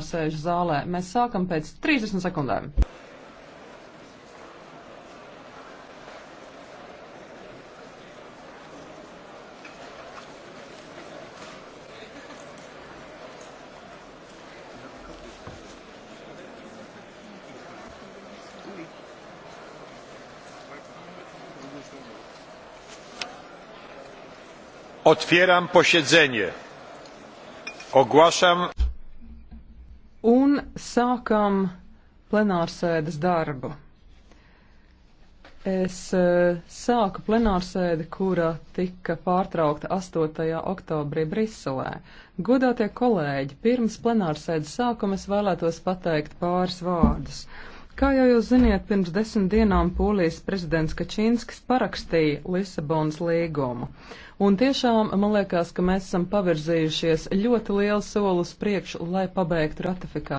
sēž zālē. Mēs sākam pēc 30 sekundēm. Otwieram posiedzenie. Ogłaszam Un sākam plenārsēdes darbu. Es eh, sāku plenārsēdi, kura tika pārtraukta 8. oktobrī Briselē. Godātie kolēģi, pirms plenārsēdes sākuma es vēlētos pateikt pāris vārdus. Kā jau jūs ziniet, pirms desmit dienām Polijas prezidents Kačinskis parakstīja Lisabonas līgumu. Un tiešām man liekas, ka mēs esam pavirzījušies ļoti lielu soli uz priekšu, lai pabeigtu ratifikāciju.